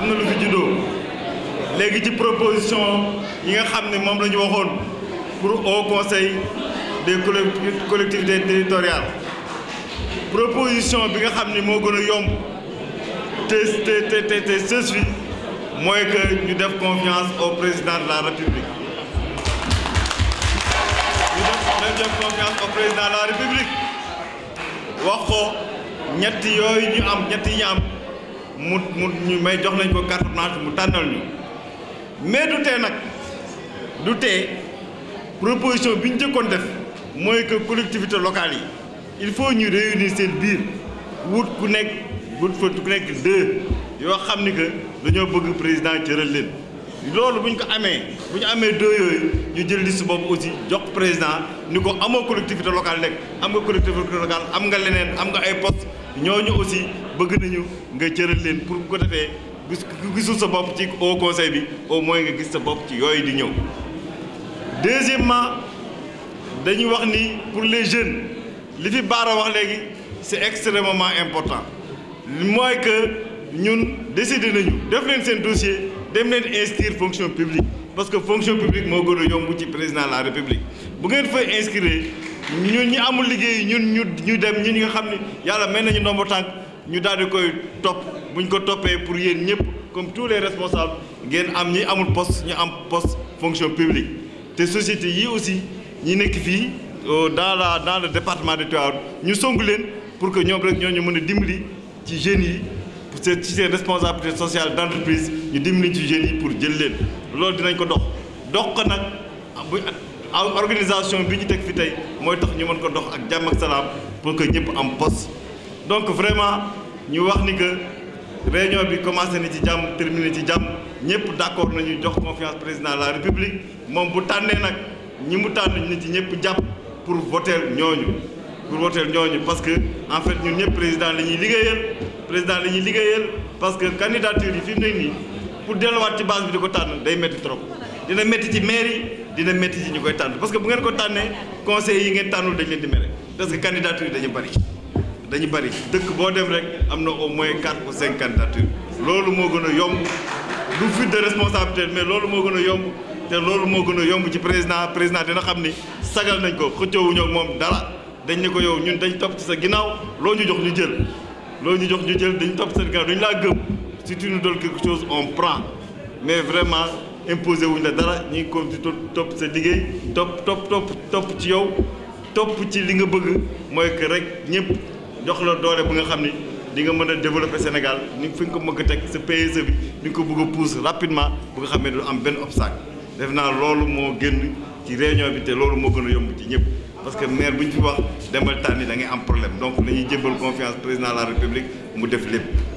am na lu fi léegi ci proposition yi nga xam ne moom la ñu waxoon pour au conseil des collectivités territoriales proposition bi nga xam ne moo gën a yomb te te te te sës fi mooy que ñu def confiance au président la république ñu la république wax ko ñetti yooyu ñu am ñetti ñu am mu mu ñu may jox nañ ko carte blanche mu tànnal ñu mais du tee nag du tee proposition bi ñu njëkkoon def mooy que collectivité locale yi il faut ñu réunir seen biir wut ku nekk wut fa ku nekk deux yoo xam ni que dañoo bëgg président cëral leen loolu bu ñu ko amee bu ñu amee deux ñu jël liste boobu aussi jox président ni ko amoo collectivité locale nekk am nga collectivité locale am nga leneen am nga ay ñoo ñooñu aussi bëgg nañu nga jëral leen pour bu ko defee gis gisul sa bopp ci au conseil bi au moins nga gis sa bopp ci yooyu di ñëw deuxièmement dañuy wax ni pour les jeunes li fi baara wax léegi c'est extrêmement important mooy que ñun décider nañu def leen seen dossier dem leen inscrire fonction publique parce que fonction publique moo gën a yomb ci président de la république bu ngeen fay inscrire ñun ñi amul liggéey ñun ñu ñu dem ñun ñi nga xam ne yàlla mel nañu ndombo tànk ñu daal di koy topp bu ñu ko toppee pour yéen ñëpp comme tous les responsables ngeen am ñi amul poste ñu am post fonction publique te société yi aussi ñi nekk fii euh, dans la dans le département de Tivaouane ñu song leen pour que ñoom rek ñoo ñu mën a dimbali ci jeunes yi ci seen responsabilité sociale d' entreprise ñu dimbali ci jeunes pour jël leen loolu dinañ ko dox dox ko nag bu organisation bi ñu teg fii tey mooy tax ñu mën ko dox ak jàmm ak salaam pour ñëpp am poste donc vraiment ñu wax ni que réunion bi commencé na ci jàmm terminé ci jàmm ñëpp d'accord nañu jox confiance président de la république moom bu tànnee nag ñi mu tànn ñu ci ñëpp jàpp pour voter ñooñu pour voter ñooñu parce que en fait ñëpp président la ñuy liggéeyal président la ñuy liggéeyal parce que candidature yi fi mu ne pour delluwaat ci base bi di ko tànn day métti trop dina métti ci mairie dina métti ci ñu koy tànn parce que bu ngeen ko tànnee conseil yi ngeen tànnul dañ leen di mere parce dañu bari dañu bari dëkk boo dem rek am na au moins quatre ou cinq candidatures loolu moo gën a yomb du fuite de responsabilité mais loolu moo gën a yomb te loolu moo gën a yomb ci président président dina xam ni sagal nañ ko xëccoowuñu ak moom dara dañ ne ko yow ñun dañu topp sa ginnaaw loo ñu jox ñu jël loo ñu jox ñu jël dañ topp sa ginnaaw dañu laa gëm si tu nous donnes quelque chose on prend mais vraiment imposé wuñ la dara ñu ngi continué topp sa liggéey topp topp topp topp ci yow topp ci li nga bëgg mooy que rek ñëpp. jox la doole bu nga xam ni di nga mën a développer Sénégal ni fi nga ko mëgg a teg sa PSE bi ni nga ko bëgg a pousse rapidement bu nga xam ne du am benn obstacle def naa loolu moo génn ci réunion bi te loolu moo gën a yomb ci ñëpp parce que maire bu ñu fi wax demal tànni da ngay am problème donc nañuy jébbal confiance président la république mu def lépp